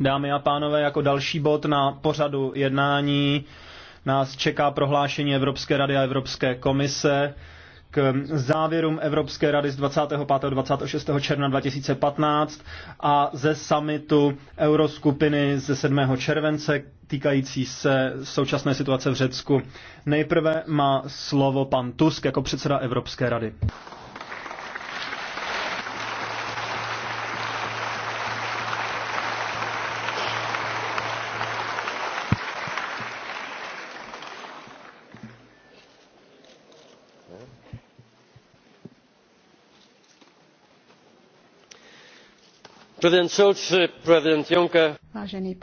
Dámy a pánové, jako další bod na pořadu jednání nás čeká prohlášení Evropské rady a Evropské komise k závěrům Evropské rady z 25. a 26. června 2015 a ze summitu Euroskupiny ze 7. července týkající se současné situace v Řecku. Nejprve má slovo pan Tusk jako předseda Evropské rady. Juncker.